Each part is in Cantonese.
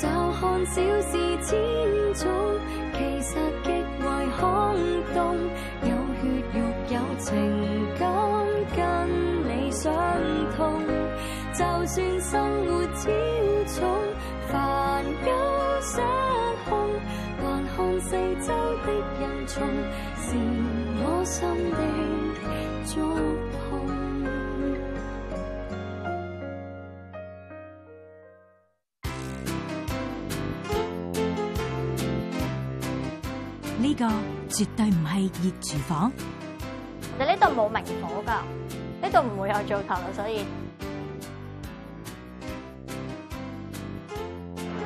就看小事千重，其實極為空洞。有血肉有情感，跟你相通。就算生活超重，煩憂失控，還看四周的人，從是我心的重。這個絕對唔係熱廚房，其實呢度冇明火噶，呢度唔會有灶頭，所以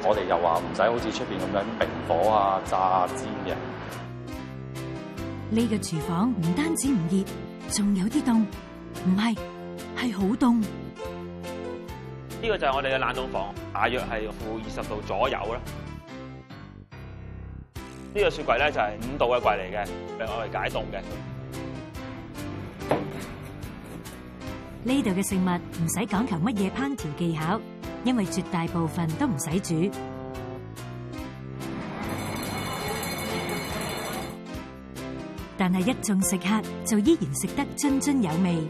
我哋又話唔使好似出邊咁樣明火啊、炸煎嘅。呢個廚房唔單止唔熱，仲有啲凍，唔係係好凍。呢個就係我哋嘅冷凍房，大約係負二十度左右啦。呢個雪櫃咧就係五度嘅櫃嚟嘅，畀我哋解凍嘅。呢度嘅食物唔使講求乜嘢烹調技巧，因為絕大部分都唔使煮。但係一眾食客就依然食得津津有味。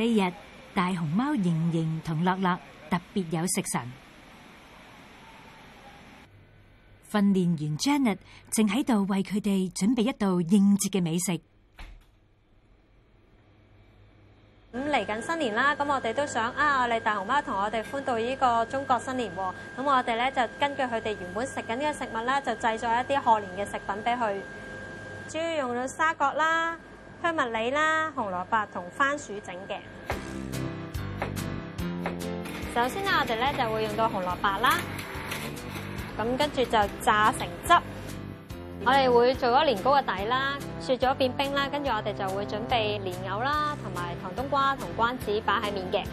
呢日大熊貓瑩瑩同樂樂特別有食神，訓練員 Janet 正喺度為佢哋準備一道應節嘅美食。咁嚟緊新年啦，咁我哋都想啊，我哋大熊貓同我哋歡度呢個中國新年。咁我哋咧就根據佢哋原本食緊嘅食物咧，就製作一啲賀年嘅食品俾佢。主要用到沙葛啦、香蜜梨啦，紅蘿蔔同番薯整嘅。首先咧，我哋咧就會用到紅蘿蔔啦，咁跟住就榨成汁。我哋會做咗年糕嘅底啦，雪咗變冰啦，跟住我哋就會準備蓮藕啦，同埋糖冬瓜同瓜子擺喺面嘅。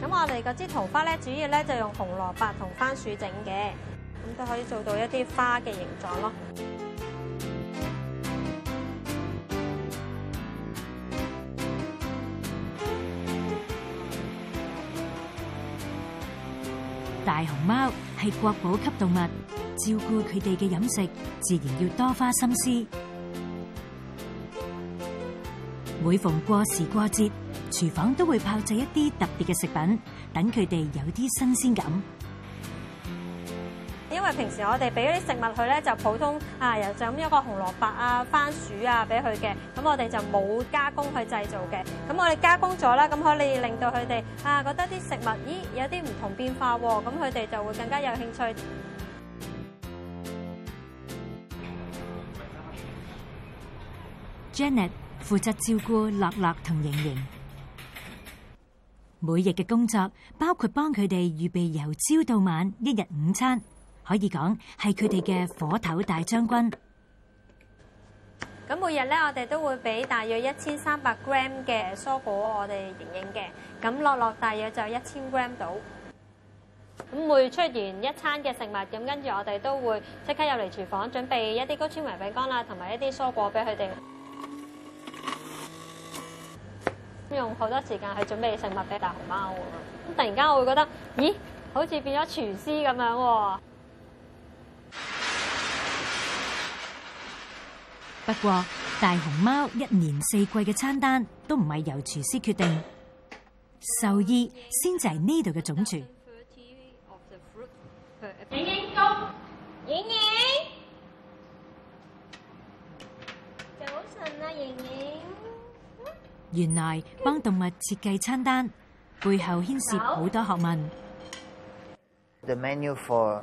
咁我哋嗰支桃花咧，主要咧就用紅蘿蔔同番薯整嘅。咁都可以做到一啲花嘅形狀咯。大熊貓係國寶級動物，照顧佢哋嘅飲食，自然要多花心思。每逢過時過節，廚房都會炮製一啲特別嘅食品，等佢哋有啲新鮮感。平時我哋俾啲食物佢咧，就普通啊，就咁一個紅蘿蔔啊、番薯啊俾佢嘅。咁我哋就冇加工去製造嘅。咁我哋加工咗啦，咁可以令到佢哋啊覺得啲食物，咦有啲唔同變化喎。咁佢哋就會更加有興趣。Janet 負責照顧樂樂同盈盈，每日嘅工作包括幫佢哋預備由朝到晚一日午餐。可以講係佢哋嘅火頭大將軍。咁每日咧，我哋都會俾大約一千三百 gram 嘅蔬果我哋盈盈嘅，咁落落大約就一千 gram 度。咁會出完一餐嘅食物，咁跟住我哋都會即刻入嚟廚房準備一啲高纖維餅乾啦，同埋一啲蔬果俾佢哋。用好多時間去準備食物俾大熊貓喎，咁突然間我會覺得，咦，好似變咗廚師咁樣喎。不過，大熊貓一年四季嘅餐單都唔係由廚師決定，獸醫先就係呢度嘅總廚。盈盈，公，盈盈，早晨啊，盈盈。原來幫動物設計餐單背後牽涉好多學問。The menu for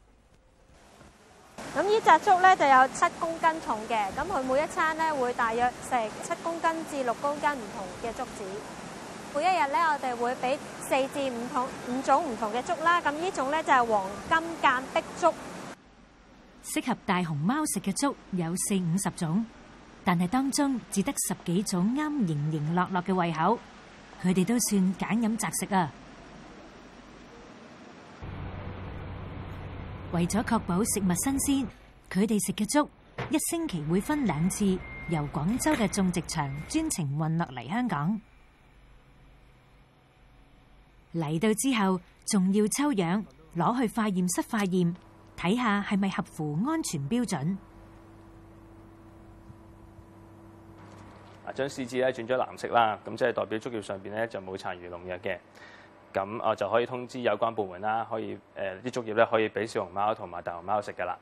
咁呢扎竹咧就有七公斤重嘅，咁佢每一餐咧會大約食七公斤至六公斤唔同嘅竹子。每一日咧我哋會俾四至五桶五種唔同嘅竹啦，咁呢種咧就係黃金間碧竹。適合大熊貓食嘅竹有四五十種，但係當中只得十幾種啱盈盈落落嘅胃口，佢哋都算揀飲擇食啊。為咗確保食物新鮮，佢哋食嘅粥一星期會分兩次由廣州嘅種植場專程運落嚟香港。嚟到之後，仲要抽樣攞去化驗室化驗，睇下係咪合乎安全標準。啊，將試紙咧轉咗藍色啦，咁即係代表竹葉上邊咧就冇殘餘農藥嘅。咁我就可以通知有關部門啦，可以誒啲竹葉咧可以俾小熊貓同埋大熊貓食㗎啦。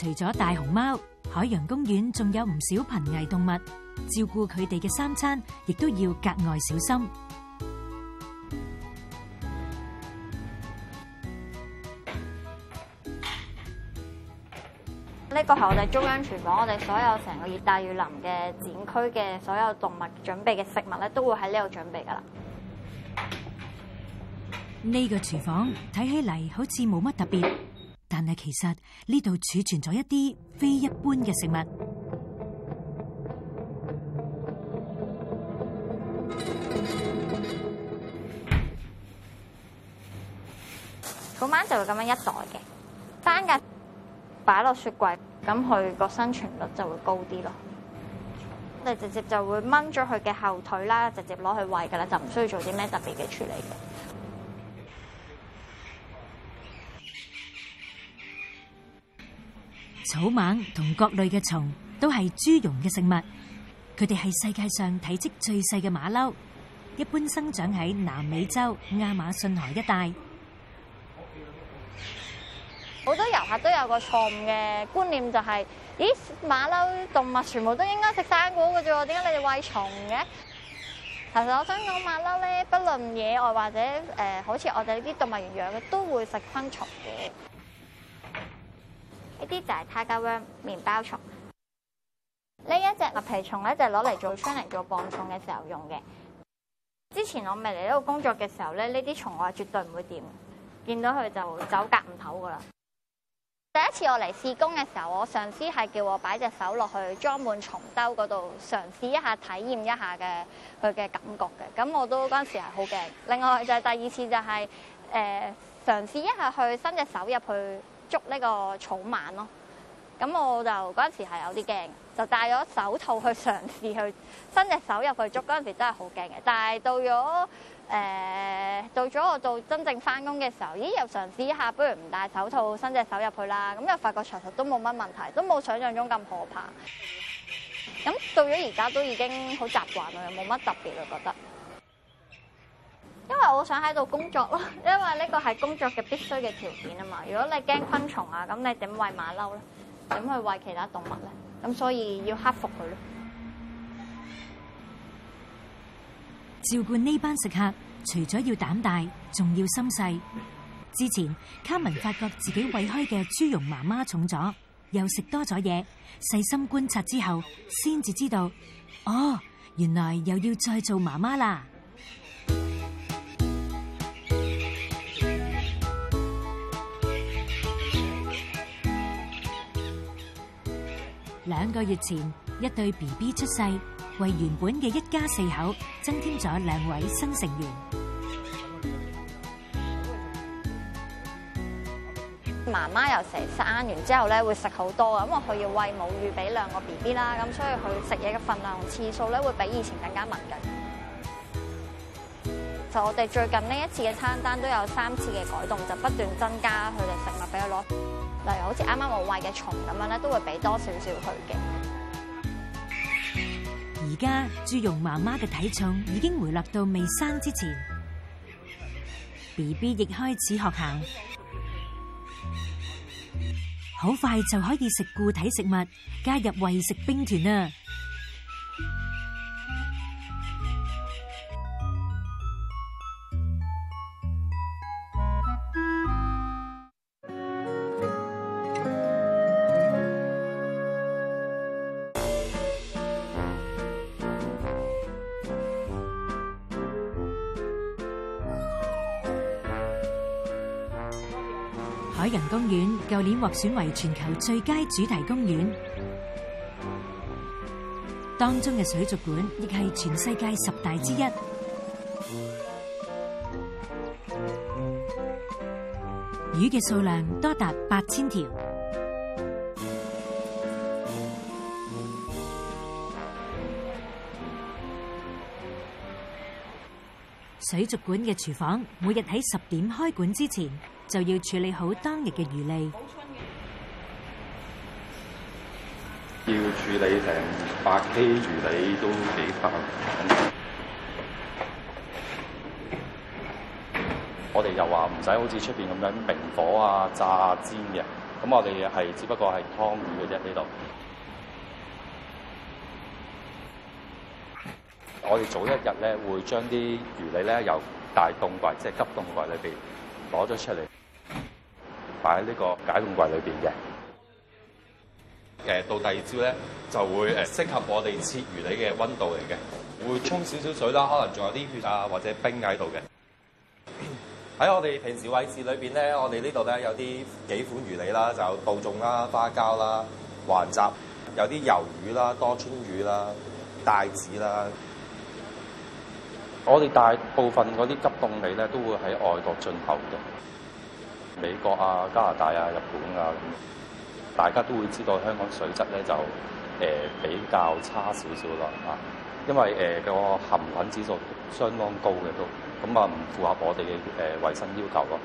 除咗大熊貓，海洋公園仲有唔少瀕危動物，照顧佢哋嘅三餐，亦都要格外小心。呢個係我哋中央廚房，我哋所有成個熱帶雨林嘅展區嘅所有動物準備嘅食物咧，都會喺呢度準備噶啦。呢個廚房睇起嚟好似冇乜特別，但係其實呢度儲存咗一啲非一般嘅食物。嗰晚就咁樣一袋嘅，翻嘅。擺落雪櫃，咁佢個生存率就會高啲咯。我哋直接就會掹咗佢嘅後腿啦，直接攞去餵噶啦，就唔需要做啲咩特別嘅處理。草蜢同各類嘅蟲都係豬茸嘅食物，佢哋係世界上體積最細嘅馬騮，一般生長喺南美洲亞馬遜河一帶。都有一個錯誤嘅觀念，就是，就係咦馬騮動物全部都應該食生果嘅啫，點解你哋餵蟲嘅？其實我想講馬騮咧，不論野外或者誒、呃，好似我哋呢啲動物園養嘅，都會食昆蟲嘅。呢啲就係 tiger worm 麵包蟲。呢一隻麥皮蟲咧，就攞、是、嚟做窗嚟做磅蟲嘅時候用嘅。之前我未嚟呢度工作嘅時候咧，呢啲蟲我係絕對唔會掂，見到佢就走夾唔唞噶啦。第一次我嚟試工嘅時候，我上司係叫我擺隻手落去裝滿蟲兜嗰度嘗試一下體驗一下嘅佢嘅感覺嘅，咁我都嗰陣時係好驚。另外就係、是、第二次就係、是、誒、呃、嘗試一下去伸隻手入去捉呢個草蜢咯，咁我就嗰陣時係有啲驚，就戴咗手套去嘗試去伸隻手入去捉，嗰陣時真係好驚嘅。但係到咗，誒、嗯、到咗我做真正翻工嘅時候，咦又嘗試一下，不如唔戴手套，伸隻手入去啦，咁又發覺其實都冇乜問題，都冇想像中咁可怕。咁到咗而家都已經好習慣啦，又冇乜特別覺得。因為我想喺度工作咯，因為呢個係工作嘅必須嘅條件啊嘛。如果你驚昆蟲啊，咁你點餵馬騮咧？點去餵其他動物咧？咁所以要克服佢咯。照顧呢班食客，除咗要膽大，仲要心細。之前卡文發覺自己餵開嘅豬絨媽媽重咗，又食多咗嘢。細心觀察之後，先至知道，哦，原來又要再做媽媽啦！兩個月前，一對 BB 出世。為原本嘅一家四口增添咗兩位新成員。媽媽又成生完之後咧會食好多嘅，因為佢要喂母乳俾兩個 B B 啦，咁所以佢食嘢嘅份量同次數咧會比以前更加敏感。就我哋最近呢一次嘅餐單都有三次嘅改動，就不斷增加佢哋食物俾佢攞，例如好似啱啱我喂嘅蟲咁樣咧，都會俾多少少佢嘅。而家豬容媽媽嘅體重已經回落到未生之前，B B 亦開始學行，好快就可以食固體食物，加入餵食兵團啦。獲選為全球最佳主題公園，當中嘅水族館亦係全世界十大之一，魚嘅數量多達八千條。水族館嘅廚房每日喺十點開館之前就要處理好當日嘅魚餌。處理成八 K 魚你都幾難，我哋又話唔使好似出邊咁樣明火啊、炸啊、煎嘅，咁我哋係只不過係劏魚嘅啫。呢度，我哋早一日咧會將啲魚你咧由大凍櫃，即係急凍櫃裏邊攞咗出嚟，擺喺呢個解凍櫃裏邊嘅。誒到第二朝咧，就會誒適合我哋切魚脷嘅溫度嚟嘅，會沖少少水啦，可能仲有啲血啊或者冰喺度嘅。喺我哋平時位置裏邊咧，我哋呢度咧有啲幾款魚脷啦，就有豆種啦、花膠啦、環集，有啲魷魚啦、多春魚啦、帶子啦。我哋大部分嗰啲急凍味咧，都會喺外國進口嘅，美國啊、加拿大啊、日本啊咁。大家都會知道香港水質咧就誒、呃、比較差少少咯啊，因為誒、呃那個含菌指數相當高嘅都，咁啊唔符合我哋嘅誒衞生要求咯。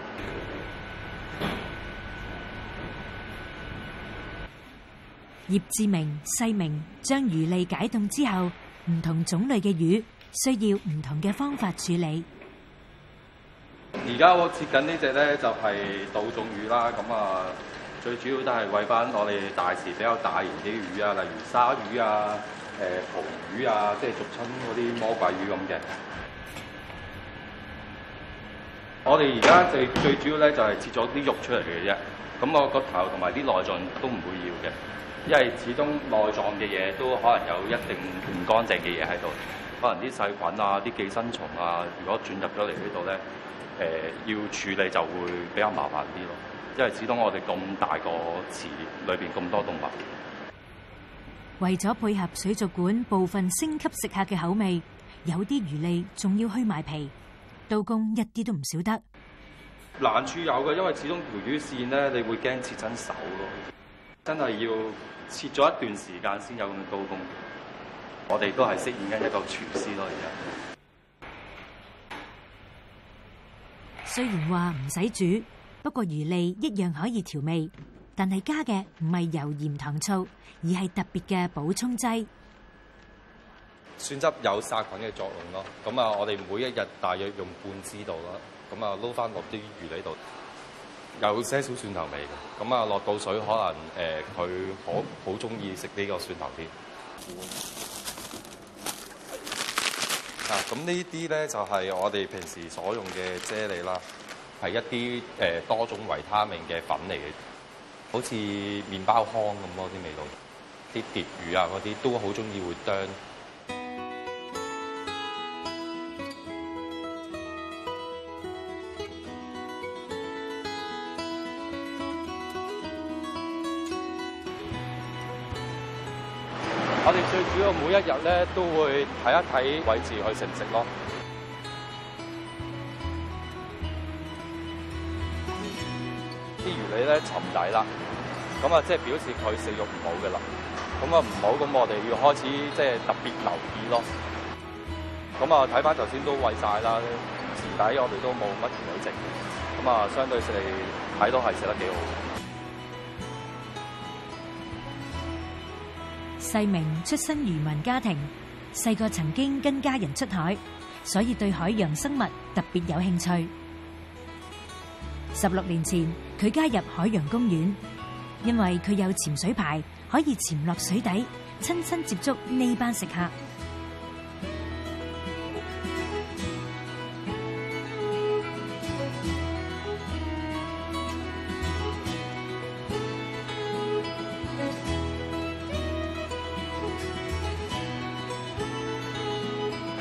葉志明細明將魚脷解凍之後，唔同種類嘅魚需要唔同嘅方法處理。而家我切緊這隻呢隻咧就係、是、倒種魚啦，咁啊。最主要都係餵翻我哋大時比較大型啲魚，魚啊，例如鯊魚啊、誒魟魚啊，即係俗稱嗰啲魔鬼魚咁嘅。我哋而家最最主要咧就係切咗啲肉出嚟嘅啫，咁、那個骨頭同埋啲內臟都唔會要嘅，因為始終內臟嘅嘢都可能有一定唔乾淨嘅嘢喺度，可能啲細菌啊、啲寄生蟲啊，如果轉進入咗嚟呢度咧，誒、呃、要處理就會比較麻煩啲咯。因為始終我哋咁大個池裏邊咁多動物，為咗配合水族館部分升級食客嘅口味，有啲魚脷仲要去埋皮，刀工一啲都唔少得。難處有嘅，因為始終條魚線呢，你會驚切親手咯，真係要切咗一段時間先有咁嘅刀工。我哋都係飾演緊一個廚師咯，而家。雖然話唔使煮。不過魚脷一樣可以調味，但係加嘅唔係油鹽糖醋，而係特別嘅補充劑。蒜汁有殺菌嘅作用咯，咁啊，我哋每一日大約用半支度啦，咁啊撈翻落啲魚脷度，有些少蒜頭味嘅，咁啊落到水可能誒，佢可好中意食呢個蒜頭添。啊，咁呢啲咧就係我哋平時所用嘅啫喱啦。係一啲誒、呃、多種維他命嘅粉嚟嘅，好似麵包糠咁咯啲味道，啲蝶魚啊嗰啲都好中意會啄。我哋最主要每一日咧都會睇一睇位置去食唔食咯。沉底啦，咁啊，即係表示佢食肉唔好嘅啦。咁啊，唔好咁，我哋要開始即係、就是、特別留意咯。咁啊，睇翻頭先都喂晒啦，池底我哋都冇乜魚尾淨，咁啊，相對嚟睇都係食得幾好。世明出身漁民家庭，細個曾經跟家人出海，所以對海洋生物特別有興趣。十六年前。佢加入海洋公園，因為佢有潛水牌，可以潛落水底，親親接觸呢班食客。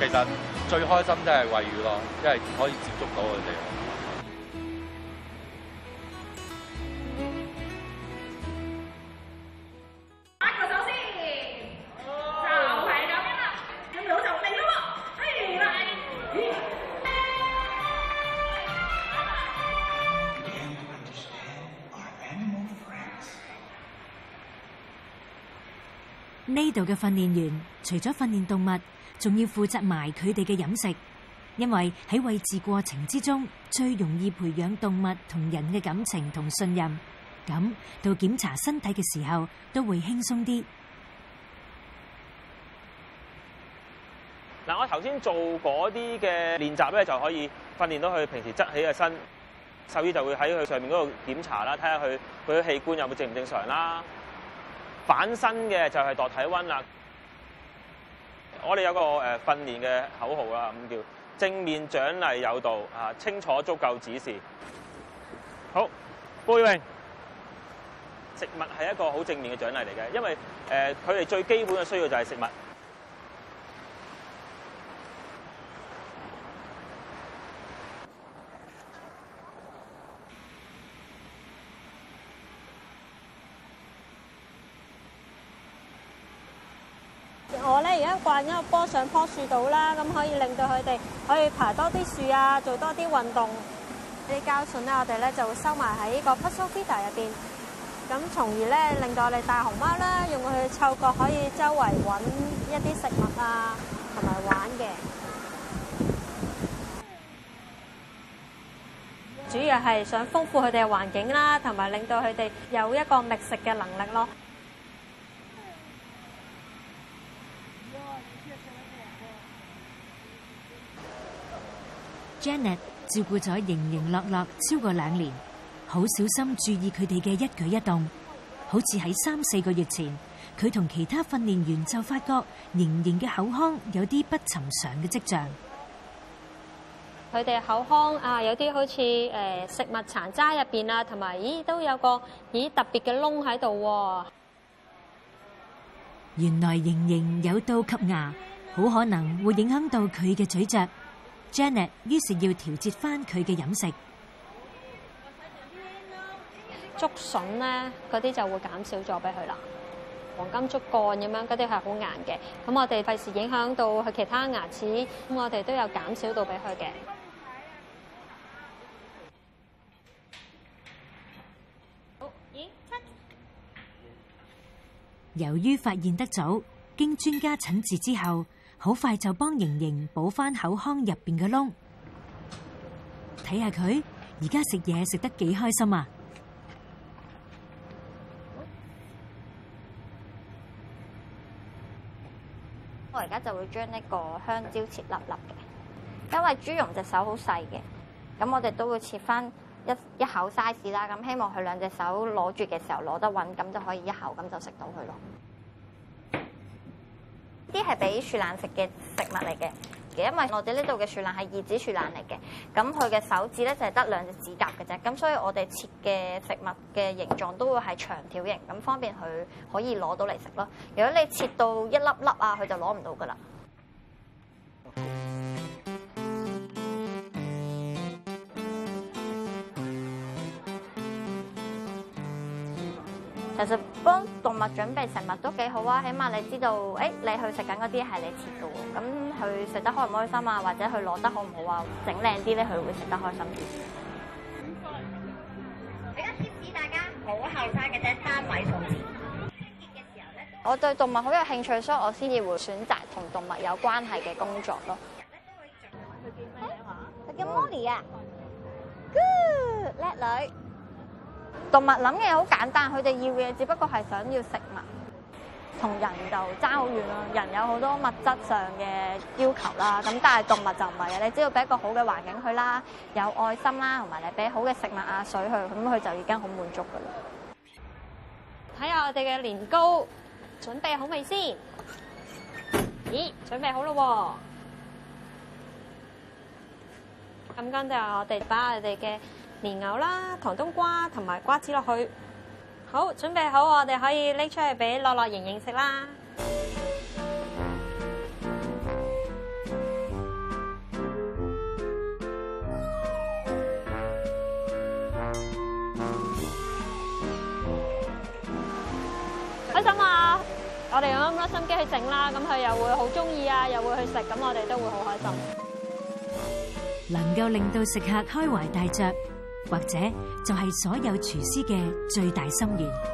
其實最開心都係餵魚咯，因為可以接觸到佢哋。呢度嘅訓練員除咗訓練動物，仲要負責埋佢哋嘅飲食，因為喺餵飼過程之中，最容易培養動物同人嘅感情同信任，咁到檢查身體嘅時候都會輕鬆啲。嗱，我頭先做嗰啲嘅練習咧，就可以訓練到佢平時側起嘅身，獸醫就會喺佢上面嗰度檢查啦，睇下佢佢啲器官有冇正唔正常啦。反身嘅就係度體溫啦。我哋有個誒訓練嘅口號啦，咁叫正面獎勵有道啊，清楚足夠指示。好，背泳，食物係一個好正面嘅獎勵嚟嘅，因為誒佢哋最基本嘅需要就係食物。我咧而家掛咗個波上棵樹度啦，咁可以令到佢哋可以多爬多啲樹啊，做多啲運動。啲膠筍咧，我哋咧就會收埋喺個 puzzle feeder 入邊，咁從而咧令到我哋大熊貓啦，用佢嘅嗅覺可以周圍搵一啲食物啊，同埋玩嘅。主要係想豐富佢哋嘅環境啦，同埋令到佢哋有一個覓食嘅能力咯。Janet 照顧咗盈盈樂樂超過兩年，好小心注意佢哋嘅一舉一動。好似喺三四個月前，佢同其他訓練員就發覺盈盈嘅口腔有啲不尋常嘅跡象。佢哋口腔啊，有啲好似誒食物殘渣入邊啊，同埋咦都有個咦特別嘅窿喺度。原來盈盈有倒及牙，好可能會影響到佢嘅咀嚼。Janet 於是要調節翻佢嘅飲食呢，竹筍咧嗰啲就會減少咗俾佢啦。黃金竹幹咁樣嗰啲係好硬嘅，咁我哋費事影響到佢其他牙齒，咁我哋都有減少到俾佢嘅。由於發現得早，經專家診治之後，好快就幫盈盈補翻口腔入邊嘅窿，睇下佢而家食嘢食得幾開心啊！我而家就會將呢個香蕉切粒粒嘅，因為朱融隻手好細嘅，咁我哋都會切翻一一口 size 啦，咁希望佢兩隻手攞住嘅時候攞得穩，咁就可以一口咁就食到佢咯。啲係俾樹懶食嘅食物嚟嘅，因為我哋呢度嘅樹懶係二指樹懶嚟嘅，咁佢嘅手指咧就係得兩隻指甲嘅啫，咁所以我哋切嘅食物嘅形狀都會係長條形，咁方便佢可以攞到嚟食咯。如果你切到一粒粒啊，佢就攞唔到噶啦。係啊 Okay.。幫動物準備食物都幾好啊，起碼你知道，誒、欸、你去食緊嗰啲係你切嘅，咁佢食得開唔開心啊？或者佢攞得好唔好啊，整靚啲咧佢會食得開心啲。比較貼近大家，好後生嘅啫，三位送子。我對動物好有興趣，所以我先至會選擇同動物有關係嘅工作咯。佢叫咩名話？佢叫 Molly 啊。Good 叻女。Good, 動物諗嘅好簡單，佢哋要嘅只不過係想要食物，同人就爭好遠咯。人有好多物質上嘅要求啦，咁但係動物就唔係嘅，你只要俾一個好嘅環境佢啦，有愛心啦，同埋你俾好嘅食物啊水佢，咁佢就已經好滿足噶啦。睇下我哋嘅年糕準備好未先？咦，準備好啦喎！咁跟住我哋把我哋嘅。蓮藕啦，糖冬瓜同埋瓜子落去好，好準備好，我哋可以拎出去俾樂樂盈盈食啦。開心啊！我哋咁多心機去整啦，咁佢又會好中意啊，又會去食，咁我哋都會好開心。能夠令到食客開懷大嚼。或者就係所有廚師嘅最大心願。